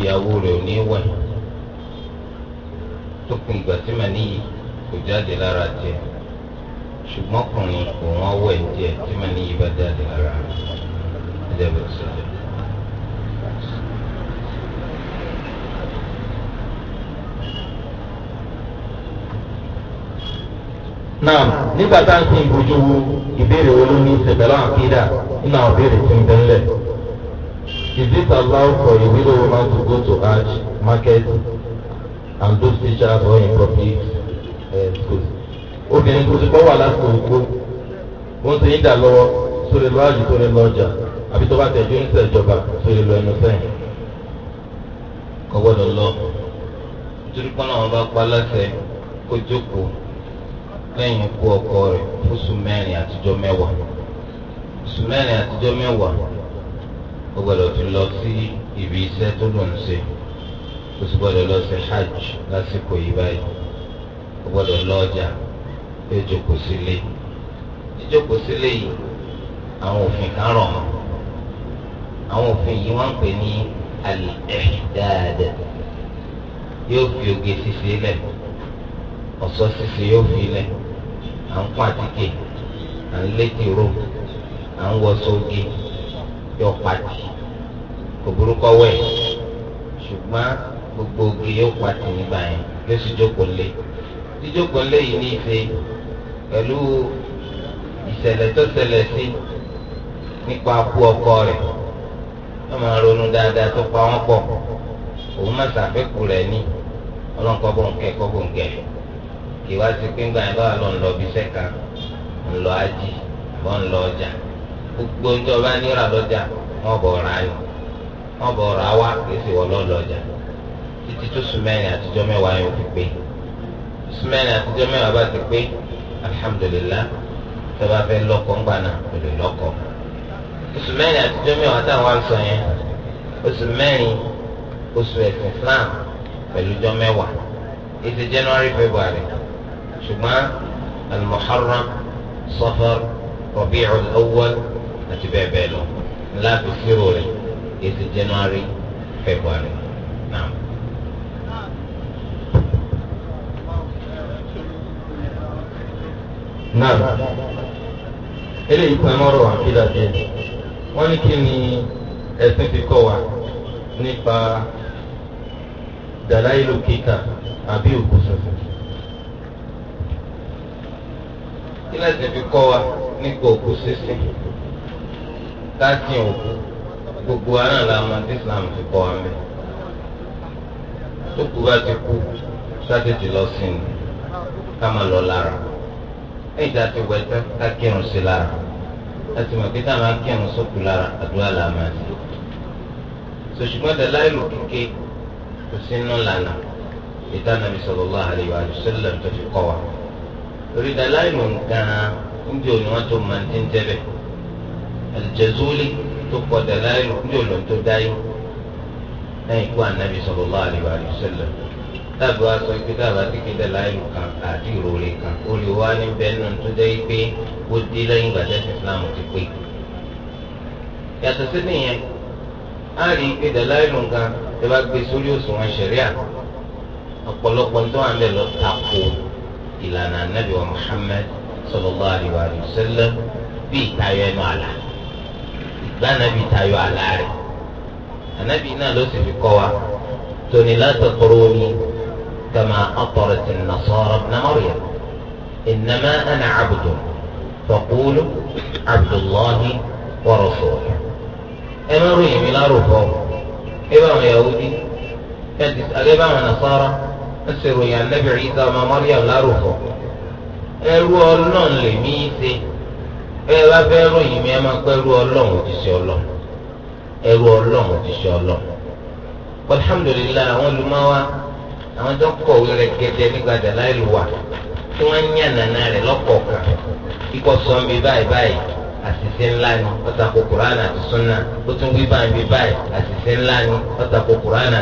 ìyàwó rẹ̀ ò ní wẹ̀ tó kun ìgbà tí màní yìí kò jáde lára tiẹ̀ ṣùgbọ́n ọkùnrin kò wọ́n wẹ̀ tiẹ̀ tí màní yìí bá jáde lára ẹ̀jẹ̀ bẹ̀rẹ̀ sọ̀rọ̀. náà nígbà tá à ń sin ìbòjú wo ìbéèrè wo ló ní ìṣẹ̀bẹ̀ láwọn nínú àwọn ìbéèrè tó ń bẹ́ńlẹ̀. Is it allowed for a widow woman to go to Hajj, market, and do special or in public uh, schools? Obìnrin kò sí pọ́ wà lásìkò ògbó. Wọ́n ti ń dà lọ́wọ́ sórí lọ àjù sórí lọ ọjà àbí tó bá tẹ̀jú ń ṣèjọba sórí lọ ẹnu sẹ́yìn. Kò gbọ́dọ̀ lọ. Nítorí pọ́n náà wọ́n bá pa láṣẹ kó jókòó lẹ́yìn ikú ọkọ rẹ̀ fún sùmẹ́rin àtijọ́ mẹ́wàá. Sùmẹ́rin àtijọ́ mẹ́wàá ó gbọ́dọ̀ tún lọ sí ibi iṣẹ́ tó lò ń ṣe ó sì gbọ́dọ̀ lọ sí hajj lásìkò yìí báyìí ó gbọ́dọ̀ lọ ọjà yóò jókòó sílé jíjókòó sílé yìí àwọn òfin kan rọ̀ mọ́ àwọn òfin yìí wọ́n ń pè ní al-ihdad yóò fi oge ṣíṣe lẹ̀ ọ̀ṣọ́ ṣíṣe yóò fi lẹ̀ à ń kún àtíkè à ń létí ró à ń wọṣọ oge yọ pàtì kò burúkọ wẹ̀ ṣùgbọ́n gbogbo oge yóò pàtì nígbà yẹn yóò sì jókòó lé jíjókòó lé yìí ní ìfẹ́ pẹ̀lú ìṣẹ̀lẹ̀ tó ṣẹlẹ̀ sí nípa kú ọkọ rẹ̀ wọ́n máa ronú dáadáa tó pa wọ́n pọ̀ òun má ṣàfẹ́kù rẹ̀ ní ọlọ́nkọ́ bò ń kẹ́ kọ́ bò ń kẹ́ kí wá sí pé ńgbà yẹn báwa lọ ń lọ bí sẹ́ka ají àbọ̀ ń ọjà gbogbo ìjọ bá ní ra lọ́jà wọn bọ̀ ra yọ wọn bọ̀ ra wá kìí wọ lọ́lọ́jà títí tó sùmẹ́rin àtijọ́ mẹ́wàá yóò fi pé sùmẹ́rin àtijọ́ mẹ́wàá bá ti pé alihamudulilá tó bá fẹ́ ńgbà náà kò lè lọ́kọ̀ oṣù mẹ́rin àtijọ́ táwọn ń yẹn oṣù mẹ́rin oṣù ẹ̀sìn Islam pẹ̀lú ọjọ́ mẹ́wàá ètò January February ṣùgbọ́n al-Muharram Safar Rabi'ul àti bẹ́ẹ̀ bẹ́ẹ̀ lọ ńlá fi kírò rẹ̀ ètò January February náà. náà eléyìí kan mọ́rọ̀ wà kí dàbí ẹ̀ wọ́n ní kí ni ẹ̀sìn fi kọ́ wa nípa dàláìlú kíkà àbí òkú sọ̀tún. kí lẹ́sìn fi kọ́ wa nípa òkú káàtì òkú gbogbo ara la mọ Islam ti kọ́ wa tó kú bá ti kú sátẹ̀tì lọ sí ni lọ lára ẹ̀yìn a ti wẹ̀ tán ká kírun sí lára láti mọ̀ pé táwọn akírun sókù lára àdúrà la máa ṣe sòṣùgbọ́n dàláìlù kéke kò sí nínú lànà ìta nàbì sallallahu alaihi wa tó fi kọ́ wa torí dàláìlù gan-an ń tó Al-Jazuli tó kọ Dalailu yóò lọ tó dáyé lẹ́yìn ikú anabi sallallahu alaihi wa sallam dábò wa sọ pé dábàá tí kìí Dalailu kan àti ìròlé kan olè wa ní bẹ́ẹ̀ náà tó jẹ́ pé ó dé lẹ́yìn ìgbà tẹ́sí Islam ti pé yàtọ̀ sí nìyẹn á rí i pé Dalailu kan ẹ bá gbé sórí òṣùwọ̀n ṣẹ̀ríà ọ̀pọ̀lọpọ̀ tó wà lẹ́lọ tako ìlànà anabi wa Muhammad sallallahu alaihi wa sallam bí ìtayọ ẹnu àlà lánàbì tayọ àlá rẹ̀ ànábì náà ló sì fi kọ́ wa tóní látọ̀kọ̀rọ̀ni kama ọ̀tọ̀rọ̀tì nasara ibn Maryam innama ana abdu faqulu abdullahi wa rasuluhu. ẹ má ròyìn mi lárúbọ ẹ bá wọn yahudi ẹ bá wọn nasara ẹ sì ròyìn ànábì Ìsá ọmọ Maryam lárúbọ ẹ rú ọ náà lè mí í ṣe. bẹ́ẹ̀ bá fẹ́ ròyìn mi ẹ máa pẹ́ ẹrú ọlọ́run òjíṣẹ́ ọlọ́run ẹrú ọlọ́run òjíṣẹ́ ọlọ́run alhamdulilayi àwọn olùmọ́wá àwọn tó kọ̀wé rẹ̀ gẹ́gẹ́ nígbà dàlá tí wọ́n ń rẹ̀ lọ́kọ̀ọ̀kan kíkọ́ sọ́n báyìí báyìí àṣìṣe ńlá ni ọ̀tàkùn kùránà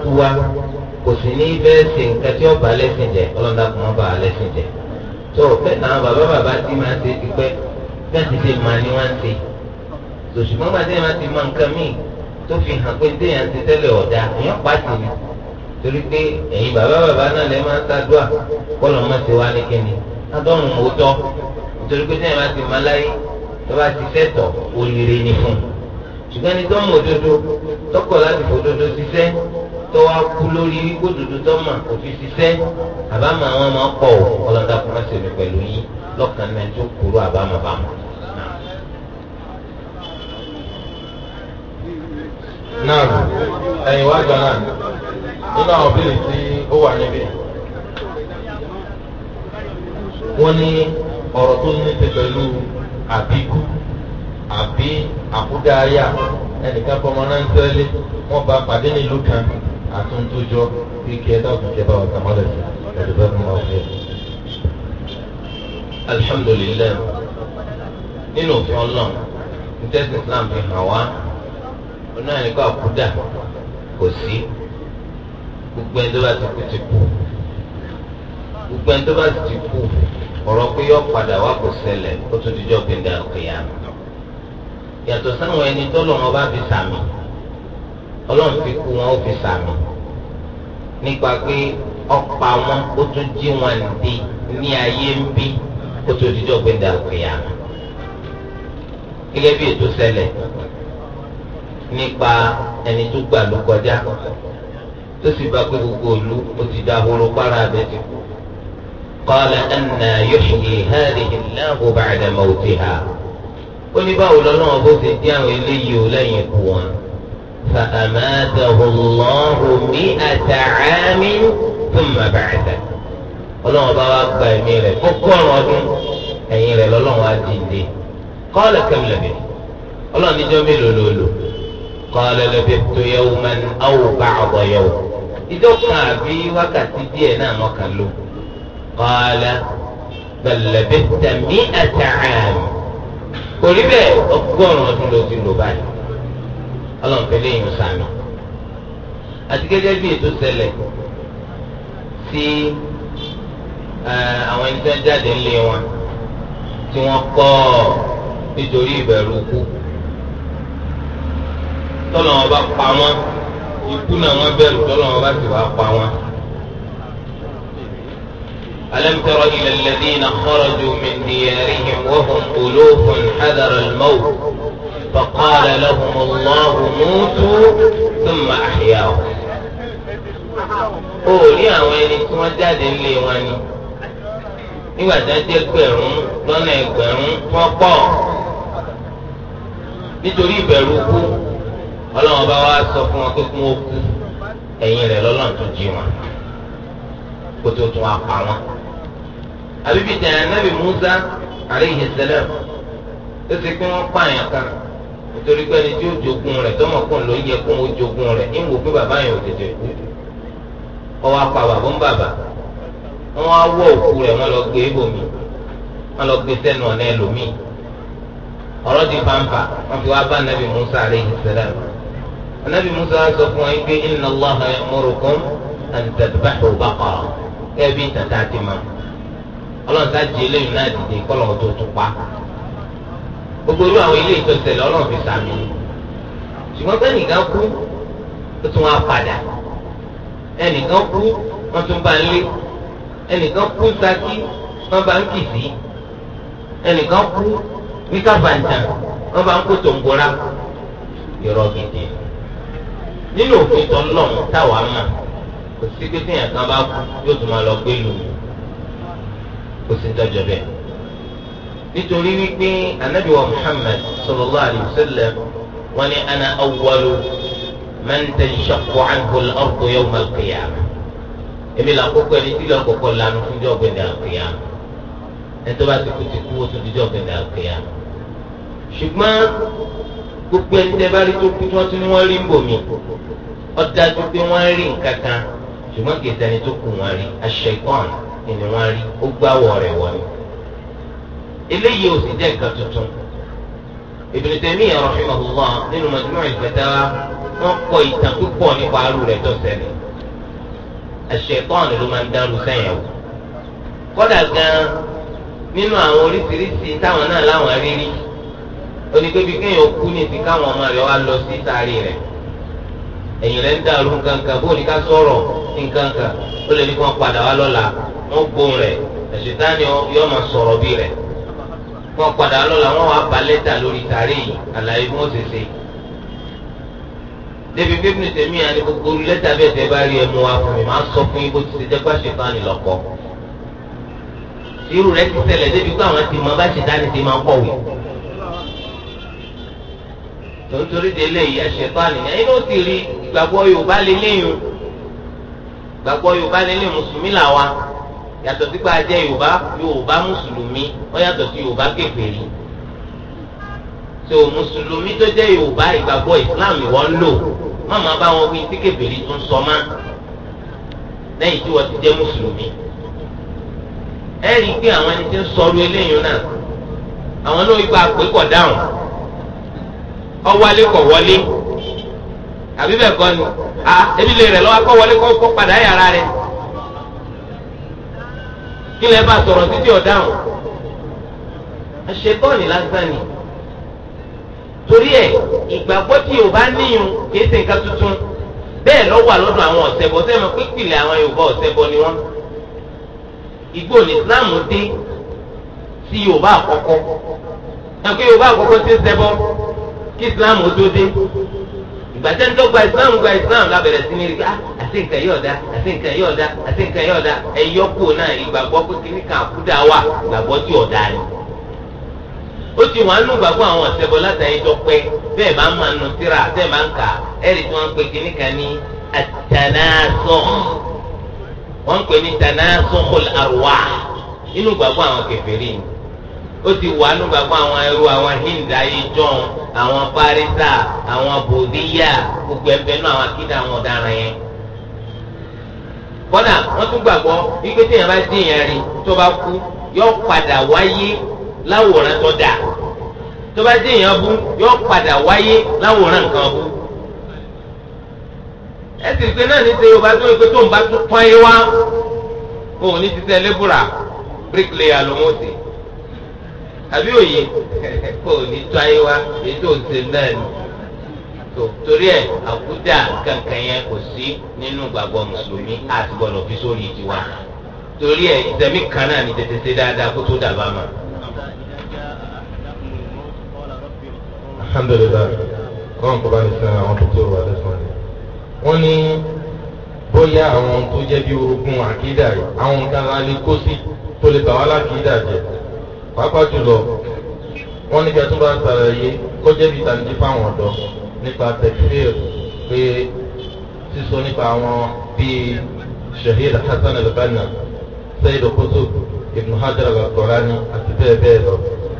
àti súnà ó kò sì ní bẹ́ẹ̀ ṣe nǹkan tí ọba lẹ́sìn jẹ ọlọ́dà kò lẹ́sìn jẹ tó bẹ́ẹ̀ bàbá bàbá ti máa ti pẹ́ ṣe máa ní wá ń ṣe tòṣùgbọ́n bá dé ti máa nǹkan míì tó fi hàn pé déyàn ti tẹ́lẹ̀ ọ̀dà èèyàn ni torí pé ẹ̀yin bàbá bàbá náà lẹ́ máa ń kọ́lọ̀ ti wá ní kíni adọ́run tọ́ pé ti máa láyé tó bá ti tó wá kú lórí wípé òdodo tó mà kò fi ṣiṣẹ́ àbámọ̀ àwọn máa pọ̀ ọ́ ọlọ́dà kò má ṣe mi pẹ̀lú yín lọ́kàn náà tó kúrò àbámọ̀ bámọ̀. náà ẹ̀yin wá gbọ́n náà nínú àwọn bíi tí ó wà níbí wọ́n ní ọ̀rọ̀ tó ní ti pẹ̀lú àbíkú àbí àkúdáyà ẹnìkan fọmọ náà ń tẹ́lẹ̀ wọ́n bá pàdé nílùú kan àtúntójọ bí kí ẹ dákun kí ẹ bá wà kà má lè fi ẹdùbẹ́ fún wa fẹ́. alhamdulilayi nínú òfin ọlọ́run ní tẹ́sán islam fi hàn wá onáà ní kó àkúdà kò sí gbogbo ẹni tó bá ti kú ti kú gbogbo ẹni tó bá ti ti kú ọ̀rọ̀ pé yọ padà wá kò ṣẹlẹ̀ ó tún ọlọ́run fi kú wọn ó fi sàmì nípa pé ọ̀pá wọn ó tún jí wọn di ní ayé ń bí kó tó dídọ̀ pé dàgbéyà gẹ́gẹ́ bí ètò ṣẹlẹ̀ nípa ẹni tó gbà ló kọjá tó sì bá pé gbogbo òlu ó ti dá horo para abẹ ti kú. قال أنا يحيي هذه الله بعد موتها ó ní báwo lọ́nà ọ̀bọ̀ ṣe dí àwọn eléyìí ò lẹ́yìn ikú wọn. فأماته الله مئة عام ثم بعثه ọlọ́run bá wá gba ẹ̀mí rẹ̀ ọgọ́rùn-ún ọdún ẹ̀yìn rẹ̀ lọ́lọ́run á dìde قال كم لبثت ọlọ́run níjọ́ mélòó ló lò قال لبثت يوما أو بعض يوم ìjọ kan àbí wákàtí díẹ̀ náà mọ̀kàn lò قال بل لبثت مئة عام kò rí bẹ́ẹ̀ ọgọ́rùn-ún ọdún ló ti lò báyìí ọlọ́run fẹ́ léyìn sànù àti gẹ́gẹ́ bí ètò ṣẹlẹ̀ sí àwọn ẹni tí wọ́n jáde ńlé wọn tí wọ́n kọ́ nítorí ìbẹ̀rù kú tọ́lọ̀ wọn bá pa wọn ikú náà wọ́n bẹ̀rù tọ́lọ̀ wọn bá sì wá pa wọn. ألم تر إلى الذين خرجوا من ديارهم وهم ألوف حذر الموت فقال لهم الله موتوا ثم أحياهم orí àwọn ẹni tí wọ́n jáde ńlé wọn ni nígbà tí wọ́n lọ́nà ẹgbẹ̀rún wọ́n nítorí ìbẹ̀rù kú ọlọ́run bá sọ fún wọn pé kí kú tó jí wọn kó tó tún wọn. àbíbi Musa ti torí pé ẹni tí ó jogún rẹ̀ tọmọ kún ló yẹ kó o jogún rẹ̀ ń wò pé bàbá yẹn ò tètè kú ọwọ́ apá bàbá bàbá wọn á wọ òkú wọn lọ gbé ibòmí wọn lọ gbé sẹ́nu ọ̀nà ẹlòmíì ọ̀rọ̀ di pampa wọn fi wá bá nàbì Musa aleyhi salam nàbì Musa sọ fún wọn inna tàtà ti ọlọ́run sá jẹ́ náà dìde kọ́lọ́ tó pa. gbogbo irú àwọn ilé ìjọsìn lọ́rùn fi sàmì ṣùgbọ́n pé nìkan kú ó tún wá padà ẹnìkan kú wọ́n tún bá ń lé ẹnìkan kú saki wọ́n bá ń kìsì ẹnìkan kú ní kàfàǹtà wọ́n bá ń kó tòǹgòrà irọ́ gidi nínú òfin tó ń lọ táwa mọ̀ kò sí pé téèyàn kan bá kú yóò tún máa lọ gbé lù kò sí tọ́jọ́ bẹ́ẹ̀ nítorí wípé anabi wa muhammad sallallahu alayhi wa sallam wọn ni ana awwalu man tanshaqqu anhu al-ardu yawm al-qiyamah èmi là kọ́kọ́ ẹni tí lọ́kọ̀ọ́kọ́ lanu fún jọ́ gbẹ̀dẹ̀ al-qiyamah ẹni tó bá ti kú ti kú ó tún di jọ́ gbẹ̀dẹ̀ al-qiyamah ṣùgbọ́n gbogbo ẹni tẹ́ bá rí tó kú tí wọ́n tún ní wọ́n rí ń bò mí pé wọ́n rí nǹkan kan ṣùgbọ́n kì tó kù wọ́n rí aṣẹ́gbọ́n ni wọ́n rí ó gbáwọ̀ rẹ̀ wọ̀ eléyìí ò sì jẹ́ nǹkan tuntun Ibn Taymiyyah rahimahullah nínú Majmu' al-Fatawa wọ́n kọ ìtàn púpọ̀ nípa arú rẹ̀ tó ṣẹlẹ̀ àṣetán ló máa ń dárú sẹ́yìn o kódà gan nínú àwọn oríṣiríṣi táwọn náà láwọn rírí oníkébi kéèyàn kú ní ti káwọn ọmọ rẹ̀ wá lọ sí sáré rẹ̀ ẹ̀yìn rẹ̀ ń dàrú nǹkankan bó ní ká sọ̀rọ̀ nǹkankan ó lè ní kí wọ́n padà wá lọ́la wọ́n gbóhùn rẹ̀ àṣetán yọ ọmọ sọ̀rọ̀ bí rẹ̀ wọn padà lọ́la wọn wà bá lẹ́tà lórí tàrí àlàyé bí wọ́n ṣe ṣe. débi bíbélì tèmi àti gbogbo lẹ́tà bẹ́ẹ̀ tẹ́ bá rí ẹmu wa fún mi máa sọ fún yín bó ti ṣe jẹ́pá ṣètánì lọ́kọ́. irú rẹ̀ ti tẹ̀lẹ̀ débi pé àwọn ti mọ bá ṣètánì ti máa kọ̀wé. tòótórí délé ìyá ṣètánì ẹ̀ inú ti rí ìgbàgbọ́ Yorùbá lé léyìn ìgbàgbọ́ Yorùbá lé léyìn mùsùlùmí làwa yàtọ̀ sí pé a jẹ́ yorùbá yorùbá mùsùlùmí wọ́n yàtọ̀ sí yorùbá kèfèrí so mùsùlùmí tó jẹ́ yorùbá ìgbàgbọ́ islam ìwọ ń lò má má bá wọn wí tí kèfèrí tún sọ má lẹ́yìn tí wọ́n ti jẹ́ mùsùlùmí ẹ rí i pé àwọn ẹni tí ń sọ̀rọ̀ eléyìí náà àwọn náà ipa àpékọ̀ dáhùn ọwọ́lé kọ̀ wọlé àbí bẹ́ẹ̀ kọ́ ni à ebi lè rẹ̀ lọ́wọ́ kọ́ wọlé kọ́ padà yàrá rẹ̀ kí lẹ bá sọ̀rọ̀ títí ọ̀daràn àṣetọ́ni lásán ni torí ẹ ìgbàgbọ́ tí yorùbá níyùn kìí ṣe nǹkan tuntun bẹ́ẹ̀ lọ wà lọ́dọ̀ àwọn ọ̀ṣẹ̀bọ sẹ́mi pípìlẹ̀ àwọn yorùbá ọ̀ṣẹ̀bọ ni wọ́n ìgbò ní islam dé sí yorùbá àkọ́kọ́ ẹ̀kọ́ yorùbá àkọ́kọ́ ti ń kí islam tó dé gbàtẹ́ tó gba islam gba islam lábẹ̀rẹ̀ sí ní ríga àti ah, nǹkan yóò da àti nǹkan yóò da àti nǹkan yóò da ẹ̀yọ́ náà ìgbàgbọ́ pé kí nìkan àkúdà wà ìgbàgbọ́ tí ọ̀dà ni. ó ti wà nù gbàgbọ́ àwọn ọ̀sẹ̀bọ látàrí tó pẹ́ bẹ́ẹ̀ bá ń máa nu síra bẹ́ẹ̀ ń kà ẹ̀rì tí wọ́n ń pè ó ti wà nù bàbá àwọn ẹrú àwọn hinda yìí jọ̀n àwọn parisa àwọn bòdíyà gbogbo ẹ̀fẹ́ náà àwọn akídà àwọn ọ̀daràn yẹn. kọ́dà wọ́n tún gbàgbọ́ wípé tí yẹn bá dín yẹn rí tó bá kú yóò padà wáyé láwòrán tó dà tó bá dín yẹn bú yóò padà wáyé láwòrán nǹkan bú. ẹ sì pé náà ní ṣe yorùbá tó ń pè tó ń bá tún pọ́n yín wá òun ní ti tẹ́ lébùrà bíríkìlì àlọ́mọ́sí àbí òye kò ní tó ayé wa èyí tó ń ṣe náà ni tó torí ẹ àkúdà kankan yẹn kò sí nínú gbàgbọ́ mùsùlùmí àti gbọ́dọ̀ fi sórí tiwa torí ẹ ìtẹ̀mí kan náà ni tètè ṣe dáadáa kó tó dàbà mà. alhamdulilayi kọ́ńtà kọ́ba ní sẹ́yìn àwọn tó tó rọ̀ lẹ́sàn-án wọ́n ní bóyá àwọn tó jẹ́ bí orogún àkídà àwọn kan lè kó sí tó lè bà wá lákìídà jẹ́ pàápàá jùlọ wọ́n níbi ẹtún bá ṣàlàyé kó jẹ́bi ìtànìjí fáwọn ọ̀dọ́ nípa tẹ̀sífìr pé sísọ nípa àwọn bíi shahid hasan al-banna sayid okutub ibn hajar al-asqalani àti bẹ́ẹ̀ bẹ́ẹ̀ lọ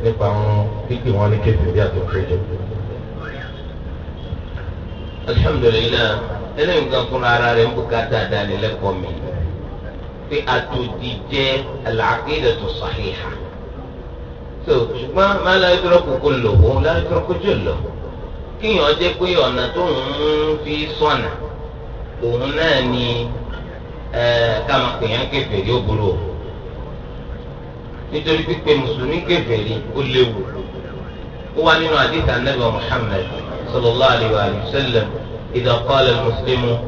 nípa àwọn pípé wọn ní kéfì bí àti òkèèjọ. alhamdulilayi eléyìí nǹkan fúnra ara rẹ̀ ń bùkátà dánilẹ́kọ̀ọ́ mi pé àtòjì jẹ́ al-aqidatu sahiha. ما لا يدرك كله لا يدرك جله كي يجيك ويونا توم في صنع ونعني كما كي ينكي في يوبرو نتولي في المسلمين كفري كل يوبرو هو أنه حديث عن نبي محمد صلى الله عليه وآله وسلم إذا قال المسلم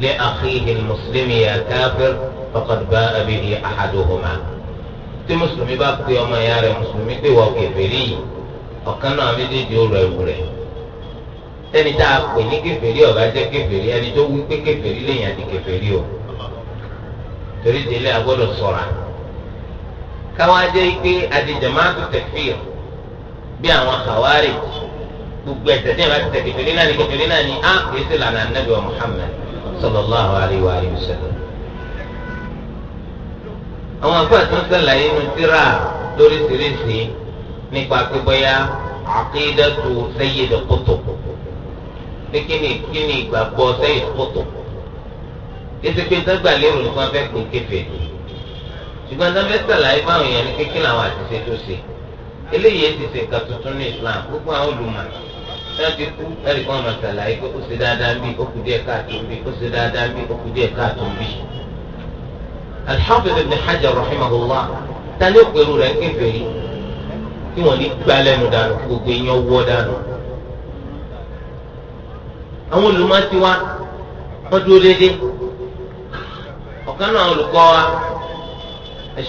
لأخيه المسلم يا كافر فقد باء به أحدهما tí mùsùlùmí bá pe ọmọ ìyá rẹ̀ mùsùlùmí pé wọ́n kèfèrí yìí ọ̀kan náà méjèèjì ó rọ ẹ̀wù rẹ̀ ẹni tá a pè ní kèfèrí ọ̀gá jẹ́ kèfèrí ẹni tó wí pé kèfèrí lèèyàn di kèfèrí o torí délé a gbọ́dọ̀ ṣọ́ra káwọn ajẹ́ pé adìjẹ̀mátò tẹ̀fíìr bí àwọn kàwárì gbogbo ẹ̀sẹ̀ tí a ti tẹ̀ kèfèrí náà ni kèfèrí náà ni á kèé sí lànà anábìwọ̀ Muhammad sallallahu alayhi wa àwọn àgbà tó ń sàlàyé nu síra lóríṣiríṣi nípa pé bóyá àkéédàtú Sayyid Qutb pé kí ni kí ni ìgbàgbọ́ Sayyid Qutb ètò pé dágbà lérò ní wọn fẹ́ pé kéfè ṣùgbọ́n dáfẹ́ sàlàyé báwọn èèyàn ní kékeré àwọn àṣìṣe tó ṣe eléyìí ti ṣe nǹkan tuntun ní Islam gbogbo àwọn olùmọ̀ náà ti kú ẹ̀rí kan ọmọ sàlàyé pé ó ṣe dáadáa ń bí ó kù díẹ̀ káàtó ń bí ó ṣe dáadáa bí ó kù díẹ̀ káàtó ń bí. Al-Hafiz Ibn Hajar rahimahullah tani òpèrú rẹ̀ kéfèé yìí kí wọ́n lè gbá lẹ́nu dànù kí gbogbo èèyàn wọ́ dànù. àwọn olùmọ̀tí wa wọ́n dúró déédéé ọ̀kan náà olùkọ́ wa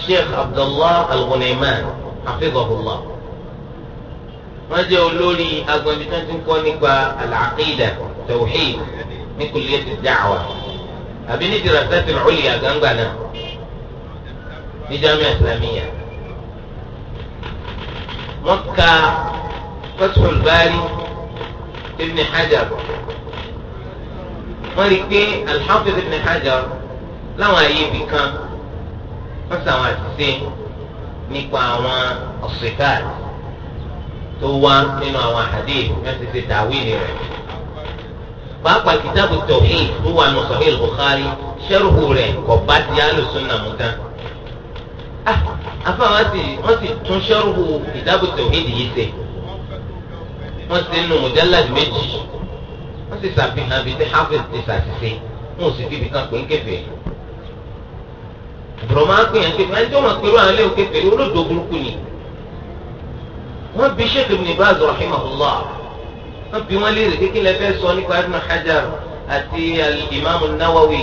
Sheikh Abdullah Al-Ghunayman hafidhahullah wọ́n jẹ́ olórí agbẹ̀bí tó ti ń kọ́ nípa al-aqida tawhid ní kulliyat ad-da'wa àbí ní dirasat al-ulya gbangba náà ní jamiu islamiyya wọn ka fathul bari ibn hajar wọn rí i pé alhafiz ibn hajar láwọn àyè ibì kan wọn sàwọn àṣìṣe nípa àwọn ọ̀sìkáàt tó wá nínú àwọn hadith wọn ti ṣe tàwíìlì rẹ pàápàá kìtàbù tawhid tó wà nù sahih bukhari sẹ́rùkù rẹ̀ kọ̀ bá ti alùsùn nàmú tán afa wa sì wọ́n sì tún sẹ́rù ìdábò tòhídì yìí ṣe wọ́n ti nù mùjálàdì méjì wọ́n sì ṣàfihàn bíi ti hafiz ti ṣàṣìṣe wọn ò sì fi ibìkan pé ń kẹfẹ́ bùrọ̀mà pè yàn kẹfẹ́ ẹni tí wọ́n pẹ̀lú àwọn ẹlẹ́wọ̀n kẹfẹ́ olódò burúkú ni wọ́n bí Sheikh Ibn Baz rahimahullah wọ́n bí wọ́n léèrè kékeré lẹ́fẹ́ sọ nípa Ibn Hajar àti al-Imam an-Nawawi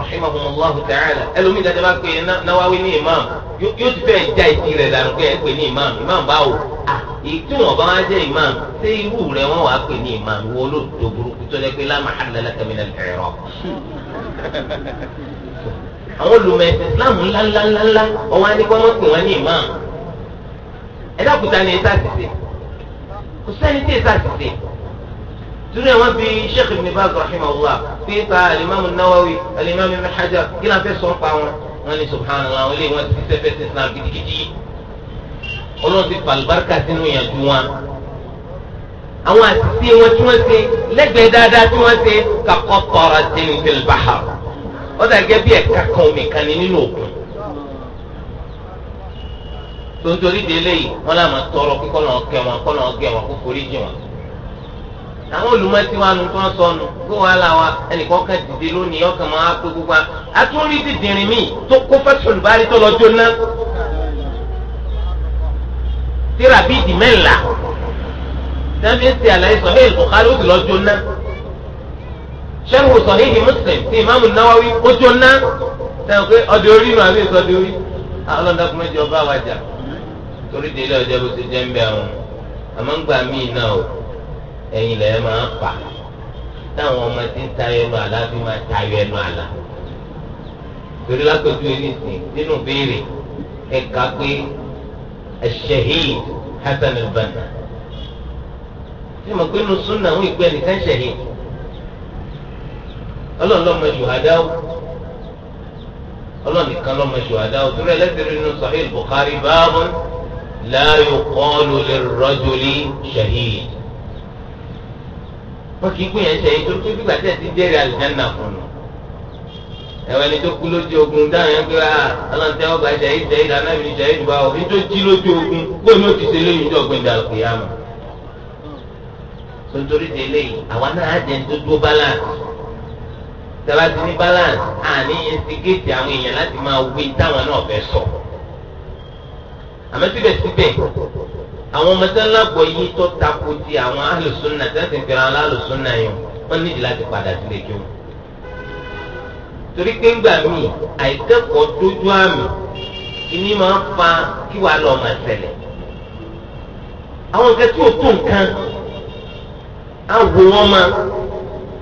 rahimahumullah ta'ala ẹlòmídàá dábàá pé Nawawi ní ìmáàmù yóò ti fẹ́ já ìdí rẹ̀ dànù pé ẹ pè ní ìmáàmù ìmáàmù báwo ah, ètò wọn bá wá jẹ́ ìmáàmù ṣé irú rẹ̀ wọ́n wàá pè ní ìmáàmù wọ́n ló tó burúkú tó lẹ́ pé lámà àdàlẹ́ kẹ́mínà ẹ̀rọ. àwọn olùmọ̀ ẹ̀sìn Islam ńláńláńlá ọwọ́ adigun wọn pè wọ́n ní ìmáàmù ẹ dákúta ni ẹ̀sà ti ṣe kò sẹ́ni tí ẹ̀sà ti ṣe tunu ẹ̀ fi Sheikh Ibn Baz rahimahullah fi ta alimami Nawawi alimami Ibn Hajar kí wọ́n ní subhanallah àwọn ilé wọn ti fẹ́fẹ́ sí na gidigidi ọlọ́run ti fàlùbáríkà sínú ìyànjú wọn àwọn àtìsí wọn tí wọ́n ṣe lẹ́gbẹ̀ẹ́ dáadáa tí wọ́n ṣe kakọ́ tọ́ra sí ní filbaha ó dàgẹ́ bí ẹ̀ka kan omi kan nínú òkun tontori de eléyìí wọn làwọn tọrọ àwọn olùmọ̀tí wa nù kán sọnù kó wàá là wa ẹnìkan kan dìde lónìí ọkàn máa pé gbogbo àtúndì dìdìrín mi tó kó fẹsọ̀lù bá rí tó lọ jóná tíra bíi ìdí mẹ́la sẹ́mi ń ṣe àlàyé sọ hẹ́ẹ̀ Bukhari ó sì lọ jóná sẹ́nu Sahihi Muslim ti ìmáàmù Nawawi ó jóná sẹ́nu pé ọdẹ orí nù àbí ìsọdẹ orí ah, ọlọ́dọ̀kùnrin jọba wájà torí délé ọjọ́ bó ti jẹ́ ń bẹ àwọn àmọ́ ń gbà míì náà ẹ̀yin lẹ máa fà táwọn ọmọ ti ń tayọ ẹnu àlá fi máa tayọ ẹnu àlá torí lápẹjù ẹnìsìn nínú béèrè ẹka pé ẹṣẹhìn Hasan al-Banna ṣé mo pé nu súnà ń ìgbẹ́ nìkan ṣẹhìn ọlọ́ọ̀lọ́mọ ṣùhádáwó ọlọ́ọ̀nìkan lọ́mọ ṣùhádáwó torí ẹlẹ́sìn nínú Sahih Bukhari báwọn la yuqalu lirrajuli shahid wọn kì í pè yẹn sẹ́yìn tó tó fìgbà tẹ̀ ti dé rẹ̀ àlùjáná fún un ẹ̀wọ̀n ẹni tó kú lójú ogun dáhùn yẹn pé ah, ọlọ́ntẹ́ ọgbà ṣẹ̀yìn ṣẹ̀yìn anábìrin ṣẹ̀yìn ìdùbà ọ̀ ní tó jí lójú ogun bóyá ní ó ti ṣe lẹ́yìn ní ọ̀gbìn ìdàlùkù yá mọ̀. nítorí ti eléyìí àwa náà á jẹun tó dúró balance tẹ́lá ti ní balance àní instigate àwọn èèyàn láti máa wí táwọn náà fẹ́ sọ. àmọ́ síbẹ̀síbẹ̀ àwọn ọmọ sẹ́ńlá gbọ́ yìí tó takò ti àwọn alùsùnà sẹ́ńsìn fìrà àwọn alùsùnà yẹn wọ́n nídìí láti padà sílé jó. torí pé ńgbà míì àìkẹ́kọ̀ọ́ dójú àmì ìní máa ń fa kí wàá lọ ọmọ ṣẹlẹ̀. àwọn nǹkan tí ò tó nǹkan á wò wọ́n ma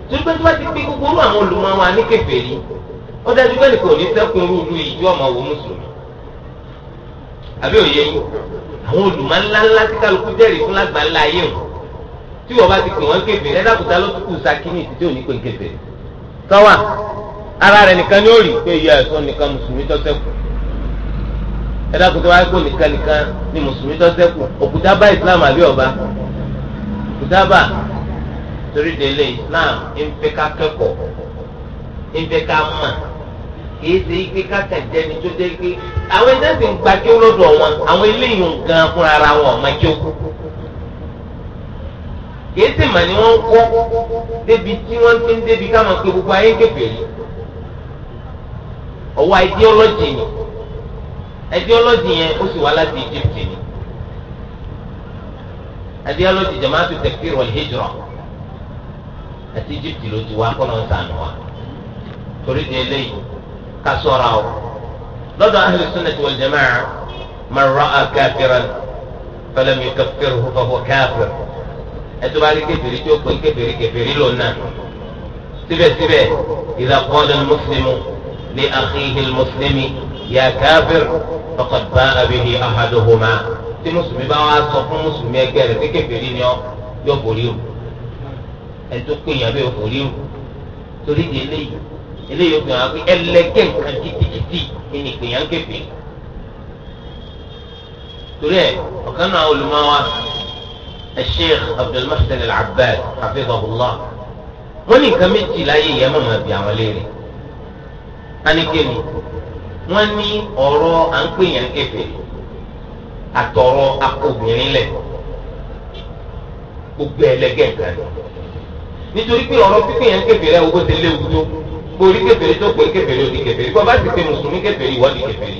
torí pé tí wọ́n ti pín gbogbo orú àwọn olùmọ̀ wa ní kèfèrí wọ́n dájú pé nìkan ò ní sẹ́kùn rúurú ìjọ ọmọ wo mùsùlùmí àbí òye àwọn olùmọ̀ ńlá ńlá tí kálukú jẹ́rìí fún lágbàlá ayé o tí wọ́n bá ti pè wọ́n kébè ẹ̀dàkùtà ló kù sakini ìtìtì òní pé kébè sọ́wà ara rẹ̀ nìkan ni ó rí pé iye ẹ̀sọ́ nìkan mùsùlùmí tó ṣẹ́kù ẹ̀dàkùtà wáyé kó nìkan nìkan ni mùsùlùmí tó ṣẹ́kù òkúta bá islam àbí ọba òkúta bá torí délé islam ń fẹ́ ká kẹ́kọ̀ọ́ ń fẹ́ ká mọ̀ kìí ṣe ipe káta jẹni tó jẹ pé àwọn ẹni tẹ́sí ń gba lọ́dọ̀ wọn àwọn eléyìí ń ara wọn ọ̀mọ kí kìí mà ni wọ́n kọ́ débi tí wọ́n ti ń débi káwọn pé gbogbo ayé kébè ni ideology yẹn ó sì wá láti Egypt ni ideology jamaatu hijra àti Egypt ló ti wá kọ́ wa torí di ká ṣọ́ra o lọ́dọ̀ ahlu sunnati wal jamaa man ra'a kafiran falam yukaffirhu fahuwa kafir ẹtú bá rí kébìrì tí ó pé kébìrì kébìrì lónà síbẹ̀síbẹ̀ idha qala al-muslimu li akhihi al-muslimi ya kafir faqad ba'a bihi ahaduhuma tí mùsùlùmí bá wá sọ fún mùsùlùmí ẹgbẹ́ rẹ̀ kékeré ni ọ yóò o ẹni tó pè o torí di eléyìí obìnrin wa pé ẹlẹgẹ́ nǹkan kìtìkìtì ní ìpènyàn kébè torí ẹ ọ̀kan náà olùmọ́wá Sheikh Abdul Muhsin Al-Abbad hafizahullah wọ́n ní nǹkan méjì láyé ìyá mọ̀mọ́ bí àwọn léèrè anikeni wọ́n ní ọ̀rọ̀ à ń pènyàn kébè àtọ̀rọ̀ akọ̀bìnrin lẹ̀ gbogbo ẹlẹgẹ́ nǹkan nítorí pé ọ̀rọ̀ pípéyàn kébè rẹ̀ owó ti léwu tó kò rí kèfèrí tó pé kèfèrí òdi kèfèrí kò bá sì pé mùsùlùmí kèfèrí ìwọ́di kèfèrí.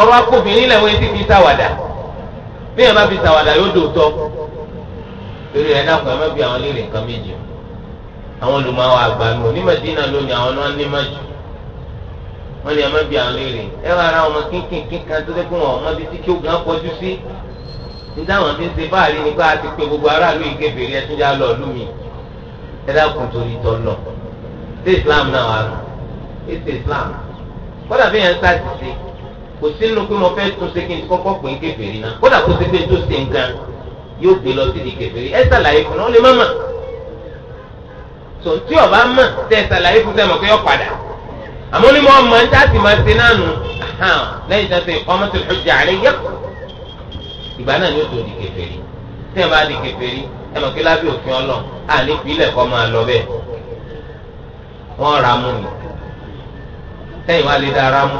ọ̀rọ̀ akófin nílẹ̀ wọ́n ti fi sàwàdà bí ẹ̀ má fi sàwàdà yóò dò tọ́ torí ẹ̀ dàpọ̀ ẹ̀ má fi àwọn léèrè nǹkan méjì àwọn olùmọ̀ọ́ àgbà mi ò ní Mẹdínà lónìí àwọn náà ní mẹ́jọ wọ́n ní ẹ̀ má fi àwọn léèrè ẹ̀ wá ara ọmọ kínkìn kan tó dé pé wọn ọmọ bíi tí kí ó sí nítawọn ti ń ṣe báàrí mi ẹ̀ dàpọ̀ ètè islam náà wà lọ ètè islam kódà bí yẹn ń sá ti ṣe kò sí nínú pé mo fẹ́ tún ṣe kí n kọ́kọ́ pè é kèfèrí náà kódà kó ṣe pé tó ṣe nǹkan yóò gbé lọ sí di kèfèrí ẹ ṣàlàyé fún ọ lè má mà tò tí ọba mà tẹ ṣàlàyé fún sẹmọ kí ọ padà àmọ́ ní mo ọmọ ní táàtì máa ṣe náà nù lẹ́yìn tó ṣe ọmọ tó lọ jà rẹ yẹ ìgbà náà ni ó tó di kèfèrí tẹ́ ẹ bá di kèfèrí ẹ mọ̀ kí lábẹ́ òfin ọlọ́ wọ́n ra mú mi sẹ́yìn wá lè dára mú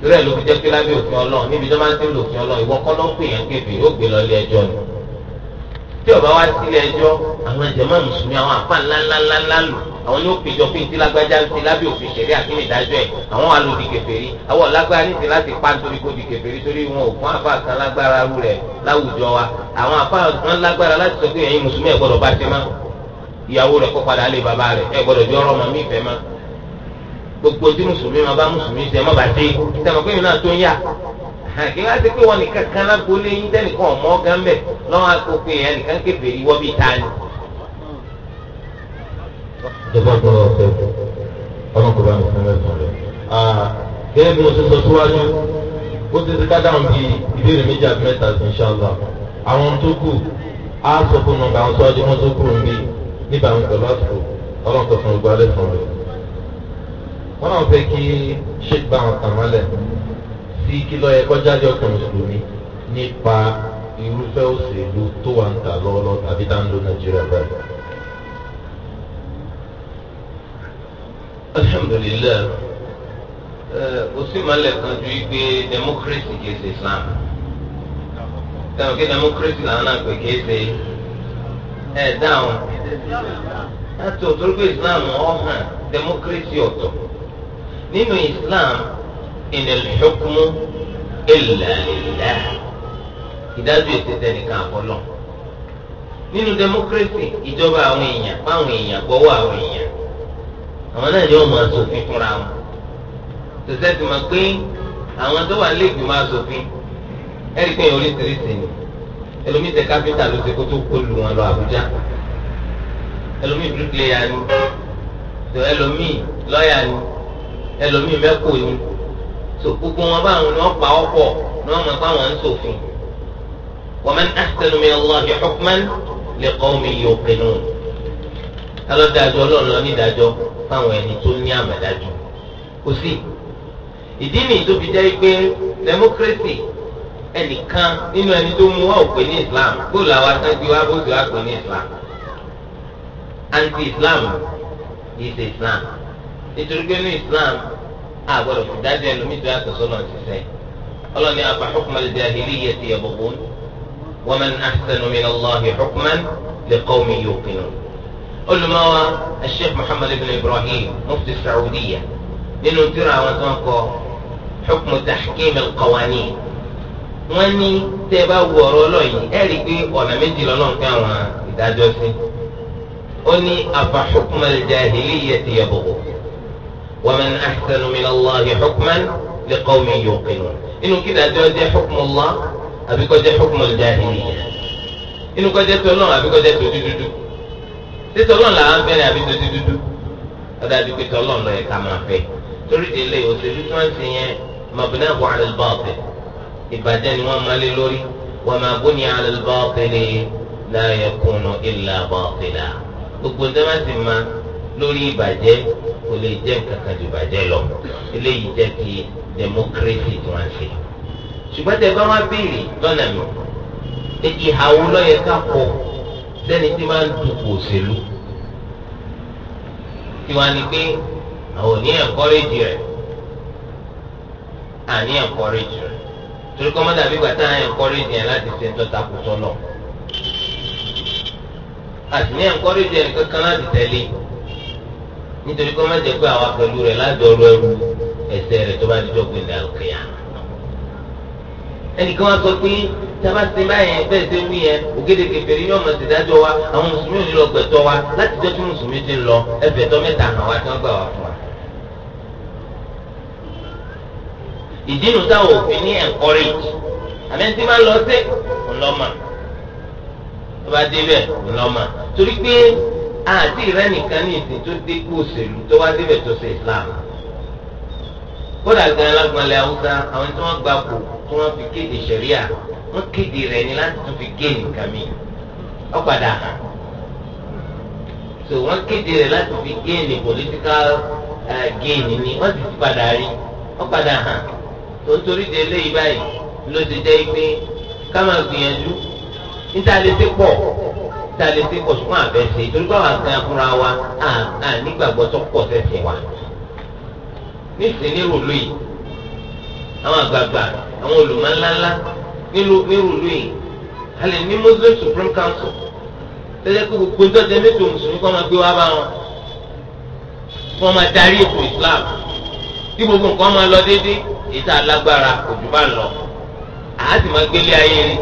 torí ẹ̀ ló fi jẹ́ pé òfin ọlọ́run níbi tó máa ń òfin ọlọ́run ìwọ kọ́ ń yẹn kébì yóò gbé lọ ilé ẹjọ́ ni tí ọba wá sílé ẹjọ́ àwọn jàmá mùsùlùmí àwọn àpá ńláńláńlá lò àwọn péjọ pé ntí lágbájá òfin ìyàwó rẹ̀ kó padà lé bàbá rẹ̀ ẹ gbọ́dọ̀ jọ ọ̀rọ̀ mọ mí ìfẹ́ mọ gbogbo tí mùsùlùmí máa bá mùsùlùmí ṣe má bàa dé sẹmọ pé ìrìn náà tó ń yà kí wọ́n á ti pé wọn nìkan kan lágbólé yín tẹ́nìkan ọ̀mọ́ gán bẹ̀ lọ́wọ́ àkókò yẹn nìkan kébè ìwọ́ bíi ta ni. ìjọba tó lọ fẹ́ ọmọkùnrin àwọn ọmọ ẹ̀sán rẹ̀ gẹ́gẹ́ bí mo ṣe sọ síwájú ó ti ti kádàrún bíi ìbéèrè méjì àti mẹ́ta inshallah àwọn tó kù á sọ fún nọ́mbà àwọn sọ́ọ́dì wọn tó kù ń bíi níbà ń pẹ̀lú àtúkò ọlọ́run tó fún gbọ́ alẹ́ fún rẹ̀. wọ́n náà fẹ́ kí sheik bá wọn tàn mọ́lẹ̀ sí kí lọ́ọ́ yẹ kọjá jẹ́ ọkùnrin mùsùlùmí nípa irúfẹ́ òṣèlú tó wà ń tà lọ́ọ́lọ́ tàbí tá ń lo nàìjíríà báyìí. alhamdulilayi òsínmọ́lẹ̀ kan ju igbe democracy kìí ṣe islam. dáhùn kí democracy làwọn àgbẹ̀ kìí ṣe ẹ dáhùn láti òtúrúkọ islam ọ̀hún democracy ọ̀tọ̀ nínú islam ìnìlẹ hukmu illa lillah ìdájọ́ ìtẹtẹ nìkan àbọlọ nínú democracy ìjọba àwọn èèyàn báwọn èèyàn gbọ́wọ́ àwọn èèyàn àwọn náà ni wọ́n máa ṣòfin fúnra wọn tòṣẹ́ ti mọ̀ pé àwọn tó wà lẹ́gbẹ̀ẹ́ máa ṣòfin ẹ̀rí pé oríṣiríṣi ni ẹlòmíì tẹ kápẹ́ntà ló ṣe kó tó kó lu wọn lọ Àbújá ẹlòmíì bricklayer ni ẹlòmíì lọ́ọ̀yà ni ẹlòmíì mẹ́kò ni so gbogbo wọn báwọn ni wọ́n pa ọ̀pọ̀ ni wọ́n mọ̀ pé àwọn ń ṣòfin wa man ahsanu min Allahi hukman li qawmin yuqinun alọ́dájọ́ ọlọ́ọ̀lọ́ nídàájọ́ fáwọn ẹni tó ní àmàdájọ́ kò sí ìdí nìyí tó fi jẹ́ pé democracy ẹnìkan nínú ẹni tó mú wa ò pè ní islam bóòlù àwa tó gbé wa bóòlù wa pè ní islam anti islam is islam nítorí pé ní islam a gbọ́dọ̀ fi dájú ẹlòmíì tó yàtọ̀ sọ́nà ṣiṣẹ́ ọlọ́ni afa hukma al-jahiliyyati yabghun wa man ahsanu min Allahi hukman liqawmin yuqinun. olùmọ́wá sheikh muhammad ibn ibrahim mufti saudiya nínú tíra àwọn tó ń kọ hukmu tahkim al wọ́n ní tẹ́ ẹ bá wo ọ̀rọ̀ ọlọ́yìn ẹ rí i pé ọ̀nà méjì lọ́nà ń pẹ́ àwọn ìdájọ́ sí. ó ní afaḥukmal jahiliyyati yabghun wa man ahsanu min Allahi hukman liqawmin yuqinun. inú kí ìdájọ́ jẹ́ hukmullah àbí kó jẹ́ hukmal jahiliyya. inú jẹ́ tọ́lọ́ àbí kó jẹ́ tòdí dúdú. tí tọ́lọ́ là ń fẹ́ ni àbí tòdí dúdú. ọ̀dájú pé tọ́lọ́ lọ fẹ́ ìbàjẹ́ ni wọ́n máa lé lórí wa ma bunya ala al-batili la yakunu illa batila gbogbo sẹ́mẹ́sì máa lórí ìbàjẹ́ kò lè jẹ́ nǹkan kan ju ìbàjẹ́ lọ eléyìí jẹ́ ti democracy tí wọ́n ṣe ṣùgbọ́n tẹ bá wá béèrè lọ́nà mi ìhà wo ló ká kọ sẹ́ni tí máa ń dupò òṣèlú tiwa ni pé àwọn ò ní encourage rẹ̀ àní encourage rẹ̀ torí kọ́ mọ́tà bí gbàtà ẹ̀ ńkọ́rẹ́jì ẹ̀ láti ṣe ńtọ́ta kò sọ́nà àti ní ẹ̀ńkọ́rẹ́jì ẹ̀ kankan láti tẹ̀lé nítorí kọ́ mọ́tà pé àwa pẹ̀lú rẹ̀ lájọ ọrọ̀ ẹrú ẹsẹ̀ rẹ̀ tó bá ti jọ́gbìn ní àlùkìyà ẹnìkan wá sọ pé tába ti báyẹn bẹ́ẹ̀ ṣe wí yẹn ògèdè kẹfẹ́rẹ́ yóò mọ̀ sí dájọ́ wa àwọn mùsùlùmí ò ní lọ gbẹ̀tọ́ wa láti jọ́ tí mùsùlùmí ti ń lọ ẹ̀fẹ̀tọ́ mẹ́ta àwọn ìdínú táwọn òfin ní encourage àbẹ́ntí máa lọ sí ńlọ́mà tó bá débẹ̀ ńlọ́mà torí pé àti ìrẹ́ nìkan ní ìsìn tó dínkù òṣèlú tó wá débẹ̀ tó ṣe Islam kódà gan alágbọ̀nlẹ̀ haúsá àwọn tí wọ́n gba kù tí wọ́n fi kéde ṣẹ̀ríà wọ́n kéde rẹ̀ ni láti tún fi gé nǹkan mi ọ̀padà hàn so wọ́n kéde rẹ̀ láti fi gé ní political eh, gain ni wọ́n sì ti padà rí ọ̀padà hàn nítorí de eléyìí báyìí ló ti jẹ́ pé ká máa gbìyànjú níta lè ti pọ̀ níta lè ti pọ̀ ṣùgbọ́n àbẹ̀ ṣe torí báwa gan fúnra wa à nígbàgbọ́ tó pọ̀ sẹ́sìn wa nísìnyí nírúurú yìí àwọn àgbààgbà àwọn olùmọ̀ ńláńlá nírúurú yìí a lè ní Muslim Supreme Council tẹ́lẹ̀ kó gbogbo ńdọ́jẹ́ mẹ́tò mùsùlùmí kọ́ máa gbé wá bá wọn wọ́n máa darí ètò Islam tí gbogbo nǹkan máa lọ déédéé ètò alágbára òjò bá lọ àá sì máa gbélé ayé rí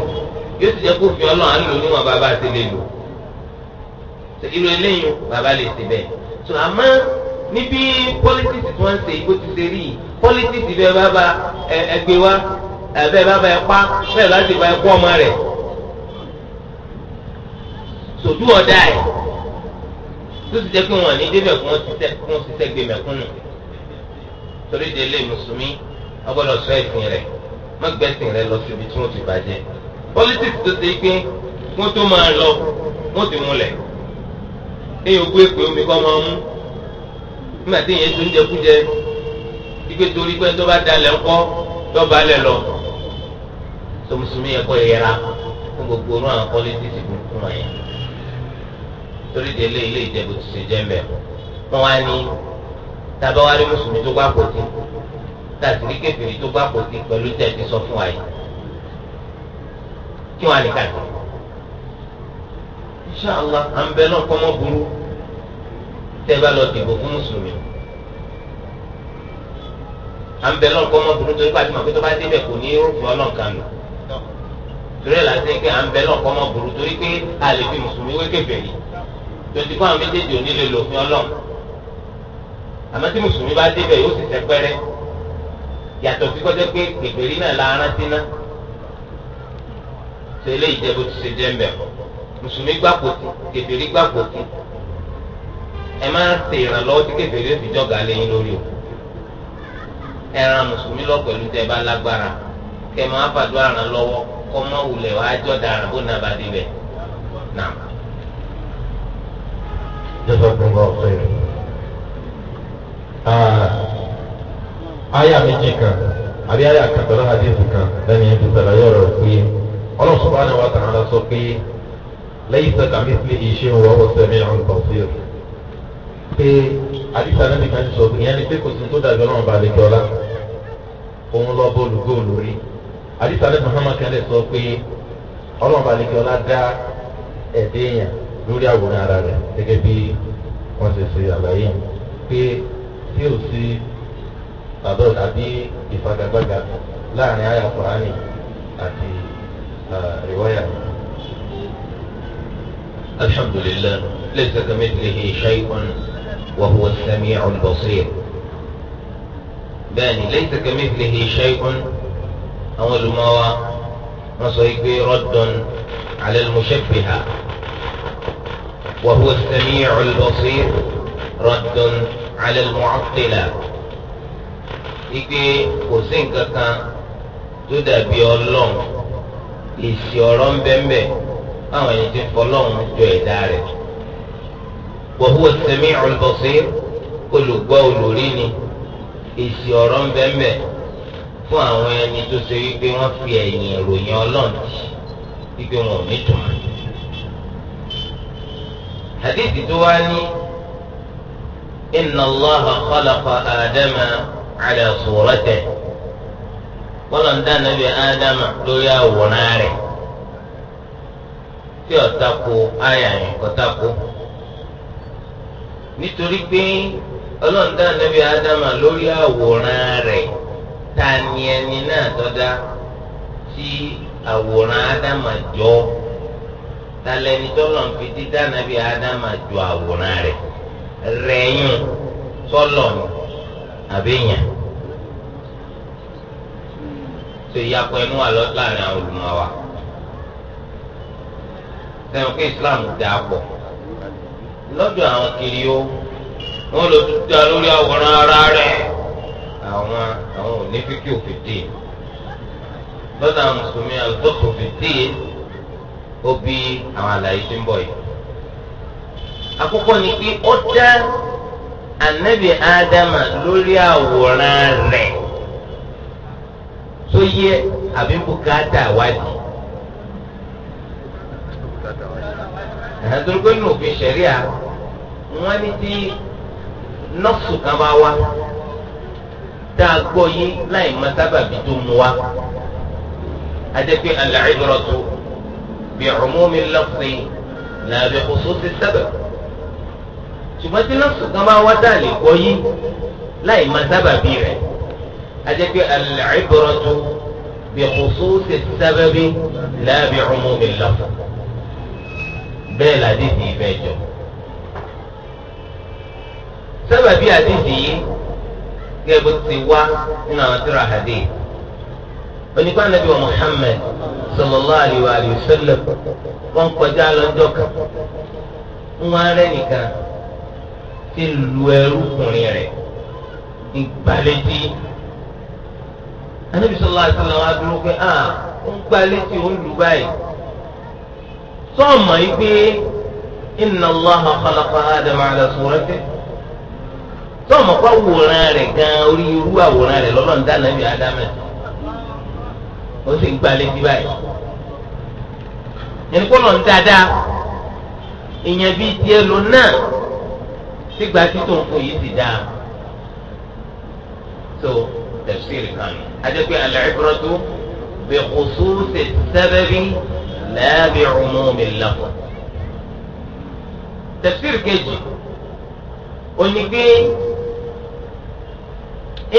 yóò sì jẹ́ kó fi ọlọ́run á lò níwọ̀n bàbá àti lè lò irú eléyìí bàbá lè ṣe bẹ́ẹ̀ so àmọ́ níbi politics tí wọ́n ń ṣe bó ti ṣe rí yìí politics bẹ́ẹ̀ bàbá ẹgbẹ́ wa bẹ́ẹ̀ bàbá ẹ pa bẹ́ẹ̀ bá ti bá ẹ kú ọmọ rẹ̀ sòdú ọ̀dà ẹ̀ tó ti jẹ́ pé wọ́n ní débẹ̀ kí wọ́n ti sẹ́gbẹ́ mẹ̀kúnnù torí délé mùsùlùmí ọgbọ́dọ̀ sọ ẹ̀sìn rẹ̀ má gbẹ̀sìn rẹ̀ lọ síbi tí wọ́n ti bàjẹ́ politics tó ṣe pé wọ́n tó máa lọ wọ́n ti múlẹ̀ èèyàn gbé pé omi kọ́ máa mú nígbà tí èèyàn tó ń jẹkújẹ ipe torí pé tó bá dalẹ̀ ńkọ́ lọ́ba alẹ̀ lọ tó mùsùlùmí yẹ kọ́ yẹra fún gbogbo orun àwọn politics burúkú wọ̀nyẹn torí délé ilé ìjẹ́bù ti ṣe jẹ́ mbẹ́ wọ́n wá ní tàbá wá rí mùsùlùmí tó gbà pọ̀ tàbí rí kébìrì tó gbà pòtì pẹ̀lú tẹ̀sí sọ fún wa yìí kí wọ́n á lè kà sí. inṣàlá à ń bẹ náà kọ́mọ́ burú tẹ́ bá lọ dìbò fún mùsùlùmí à ń bẹ náà kọ́mọ́ burú torí pàtó màá pé tó bá débẹ̀ kò ní rúfin ọlọ́ǹkan lò torí ẹ̀ láti pé à ń bẹ náà burú torí pé a lè fi mùsùlùmí wé kébìrì tòtí fún àwọn méjèèjì ò ní lè lòfin ọlọ́ǹkan àmọ́ tí mùsùlùmí bá débẹ̀ yóò sì tẹ́ pẹ́rẹ́ yàtọ̀ sí kọjá pé gbègbèrè náà la rántí ná tẹ́lẹ̀ ìjẹ́bù ti ṣe jẹ́ ń bẹ̀ mùsùlùmí gbàgbọ́ tí gbègbèrè gbàgbọ́ tí ẹ máa ń ṣe ìrànlọ́wọ́ tí gbègbèrè fi jọ̀gà lẹ́yìn lórí o ẹran mùsùlùmí lọ pẹ̀lú tẹ́ bá lágbára kẹ́ máa fàdó àràn lọ́wọ́ kọ́ mọ́ wulẹ̀ wá jọ̀dà àràn bó nàbàdì bẹ̀ nà. jọ́sọ̀ gbọ̀ngàn ọ̀sẹ̀ yìí. aya méjì kan àbí aya kàtàlá àdéhùn kan lẹ́nu ẹ̀dùn sàlàyé ọ̀rọ̀ pé ọlọ́sùn bá náà tàn án sọ pé lẹ́yìn sẹ́ka mísìlì iṣẹ́ òwò ọwọ́ sẹ́mi àwọn ni pé kò sí tó dàbí ọlọ́run jọlá òun lọ bọ́ọ̀lù góòlù rí àdìsá náà muhammad kẹ́lẹ́ sọ pé ara rẹ̀ gẹ́gẹ́ bí wọ́n ṣe abu abi ifada baga la ni aya qurani ati riwaya الحمد لله ليس كمثله شيء وهو السميع البصير باني ليس كمثله شيء أو الموى مصيبي رد على المشبهة وهو السميع البصير رد على المعطلات igbe kò sí nǹkan kan tó dàbí ọlọ́run èsì ọ̀rọ̀ ń bẹ́ńbẹ́ àwọn ẹni tí ń fọlọ́run jọ ẹ̀dá rẹ̀ wa huwa as-sami'ul basir olùgbọ́ olórí ni èsì ọ̀rọ̀ ń bẹ́ńbẹ́ fún àwọn ẹni tó ṣe wípé wọ́n fi ẹ̀yìn ìròyìn ọlọ́run tì wípé wọn ò ní tùmọ̀. hadith tó wá ní inna Allaha khalaqa Adama. على صورته. wọ́n lọ ń dá nàbí ádámà lórí àwòrán rẹ̀ tí ọ̀tá kó àyà yẹn kọ́tá kó nítorí pé ọlọ́run dá nàbí ádámà lórí àwòrán rẹ̀ ta ni ẹni náà tọ́da tí àwòrán ádámà jọ talẹ́ni tọ́lọ̀ ń fi dídá nàbí ádámà jọ àwòrán rẹ̀ rẹ̀yìn tọ́lọ̀ ni àbẹ̀yàn tó ìyapọ̀ ẹnu wà láàrin àwọn olùmọ̀ wa sẹ́wọ̀n pé Islam dáa pọ̀ lọ́dọ̀ àwọn kiri ó wọ́n lọ tún dá lórí àwòrán ara rẹ̀ àwọn àwọn ò ní fíkì òfin dè lọ́dọ̀ àwọn mùsùlùmí àlùfọ́kù òfin dè ó bí àwọn àlàyé tí ń bọ̀ yìí. àkọ́kọ́ ni pé ó jẹ́ anabi adama lórí àwòrán rẹ̀ tó yẹ àbí bùkátà wádìí. àdúrógbó nù òfin ṣẹ̀ríà wọ́n ní tí nọ́ọ̀sù kan bá wá tá a gbọ́ yé láì mọ sábàbí tó mu wá. adẹ́pẹ́ al-ibratu bi umumi al-lafzi la bi khususi as-sabab ṣùgbọ́n tí nọ́ọ̀sì kan bá wá dáàlì kọ́ yí láì máa sábàbí rẹ̀ ajẹ́ pé al-ibratu bi khususi as-sababi la bi umumi al-lafz bẹ́ẹ̀ làdìsí ìfẹ́ jọ. sábàbí àdìsí yìí gẹ́gẹ́ bó ti wá nínú àwọn tíra hadith onígbà nàbí wa Muhammad sallallahu alayhi wa sallam wọn kọjá lọ́jọ́ kan wọn rẹ́ nìkan ti lu ẹrúkùnrin rẹ̀ ìgbàlejì anabi sọlá àti làwọn adúró pé à ah, ń gbàlejì ó ń lu báyìí sọọmọ yìí pé inna Allaha khalaqa Adama ala surati sọọmọ kó àwòrán rẹ̀ gan orí irú àwòrán rẹ̀ lọ́lọ́ ń dá nàbí Adama ó sì ń gbàlejì báyìí ẹnì kó lọ́n dáadáa ìyẹn bíi tiẹ̀ lò náà. sígbà tí tó ń kó yìí ti dáa ti daa so tafsiri kan yìí adékòye al-ibratu bi ṣe sẹ́bẹ̀bí la ọmọ mi lafz tafsiri kejì onígbé.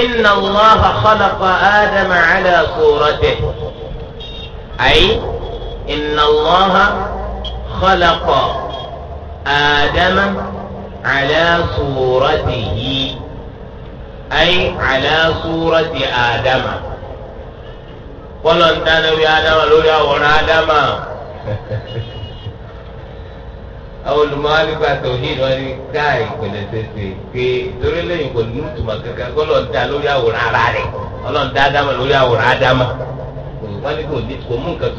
إن الله خلق آدم على صورته أي إن الله خلق adama. على صورته أي على صورة آدم قلنا أنت نبي آدم لولا ونا آدم olùmọ̀ọ́lùgbà tòhìn wọn ni káà ìpìlẹ̀ tètè pé torí lẹ́yìn kò ní ìtumọ̀ kankan kó lọ́n da lórí àwòrán ara rẹ̀ ọlọ́n da ádámà lórí àwòrán ádámà wọ́n ní kò mú nǹkan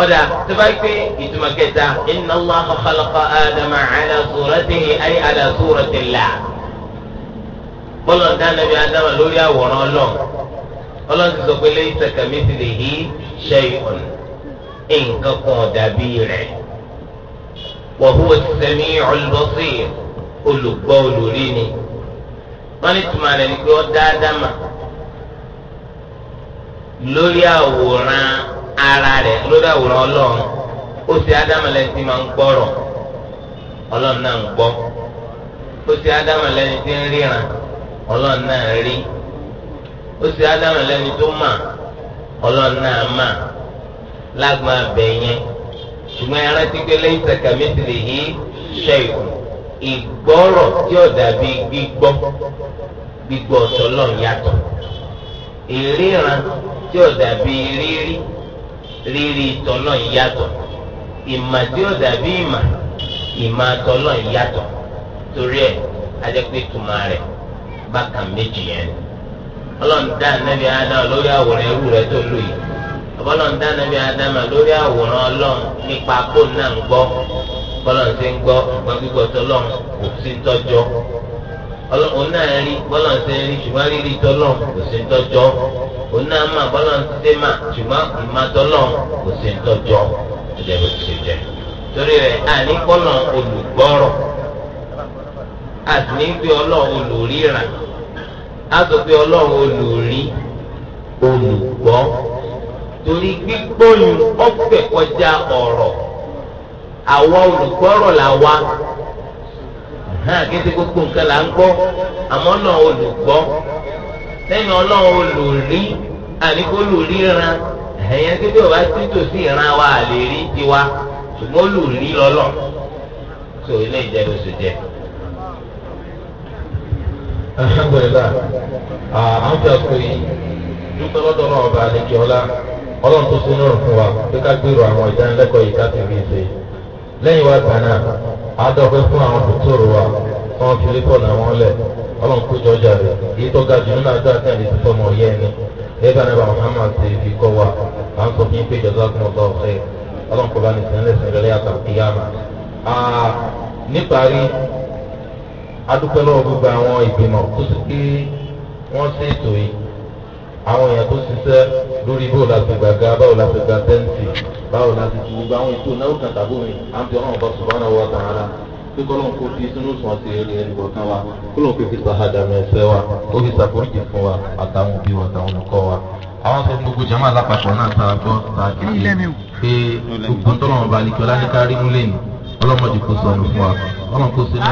ọ̀dà tó bá pé ìtumọ̀ kẹta inna Allaha khalaqa Adama ala suratihi ay ala suratillah. bọ́lọ̀ dáná bí ádámà lórí àwòrán ọlọ́ọ̀ ọlọ́ọ̀ ti sọ pé laysa kamithlihi shay'un nǹkan kan dàbí rẹ̀. wa huwa as-sami'ul basir olùgbọ́ olórí ni. wọ́n ní tùmọ̀ rẹ̀ ni pé ó dá ádámà lórí àwòrán ara rẹ̀ ló dàwòrán ọlọ́run ó ṣe ádámù lẹ́ni máa ń gbọ́rọ̀ ọlọ́run náà ń gbọ́ ó ṣe ádámù lẹ́ni ń ríran ọlọ́run náà rí ó ṣe ádámù lẹ́ni tó mà ọlọ́run náà mà lágbọ́n abẹ yẹn ti gbé lẹ́yìn tẹ̀kẹ́mẹ́tìlì yìí ṣe tí rírí tọ́lọ̀ yàtọ̀ ìmọ̀ tí ó dàbí ìmọ̀ ìmọ̀ tọ́lọ̀ yàtọ̀ torí ẹ̀ adẹ́pẹ́ tuma rẹ̀ bákan méjì yẹn ọlọ́run dá anábì ádámà lórí àwòrán ẹrú rẹ̀ tó lù yìí ọlọ́run dá anábì ádámà lórí àwòrán ọlọ́run nípa kó náà ń gbọ́ bọ́lọ̀ ń ń gbọ́ nǹkan gbígbọ́ tọ́lọ́run kò sí òun náà rí bọ́lá ń ṣe rí ṣùgbọ́n rírí tọ́lọ̀ kò sí ń tọ́jọ́ òun náà mà bọ́lá ń ṣe mà ṣùgbọ́n ìmá tọ́lọ̀ kò sí ń tọ́jọ́ ọjọ́ ìbò ti ṣe jẹ. torí rẹ̀ àní kọ́nà olùgbọ́rọ̀ àti ní pé ọlọ́run olùríran á sọ pé ọlọ́run olùrí olùgbọ́ torí gbígbóyún ọ̀pẹ̀ kọjá ọ̀rọ̀ àwa olùgbọ́rọ̀ làwa hàn kí n ti gbogbo nǹkan là ń gbọ́ àmọ́ náà olùgbọ́ lẹ́yìn ọlọ́run ran ẹ̀yẹn tí bí o bá sí ìran wa lè rí tiwa ṣùgbọ́n olùrí lọ́lọ́ tó ilé ìjẹ́bù sì jẹ́. alhamdulilah àwọn a yí dúpẹ́ lọ́dọ̀ náà ọba àlejò ọlá ọlọ́run tó sínú ọ̀rùn fún wa pé ká gbèrò àwọn ìdánilẹ́kọ̀ọ́ yìí àádọ́fẹ́ fún àwọn tòtòrò wa wọn fi lépọ̀ náà wọn lẹ̀ ọlọ́run kó jọjà rẹ̀ èyí tó ga jù nínú àjọ àti àlè títọ́ mọ̀ yẹ́ ni ẹ̀ka náà bá Muhammad ti fi kọ́ wa à ń sọ fún yín pé jọ̀dọ̀ kún ọ̀tọ̀ ọ̀fẹ́ ọlọ́run kó bá ní sẹ́lẹ̀ sẹ́lẹ̀ lẹ́yà kàkíyàmà. níparí adúpẹ́ lọ́wọ́ gbogbo àwọn ìgbìmọ̀ tó ti pé wọ́n ṣètò yìí àwọn èèyàn tó ṣiṣẹ́ lórí báwo la ti gbàgbà báwo la ti gba tẹ́ǹtì báwo la ti ti gbogbo àwọn ètò náwó kan tàbí omi àti ọlọ́run bá sọ báwọn wà tààrà pé kọ́lọ́n kó fi sínú sùn àti eré ẹni kọ̀ọ̀kan wa kọ́lọ́n kó fi sàhádà mẹ́sẹ̀ wa ó fi sàkóríjì fún wa àtàwọn òbí wa àtàwọn olùkọ́ wa àwọn sọ gbogbo jama alápapọ̀ náà ta gbọ́ ta kéde pé gbogbo tọ́lọ́mọba alikọ́lá ní ká rí múlẹ̀ ní ọlọ́mọdé kò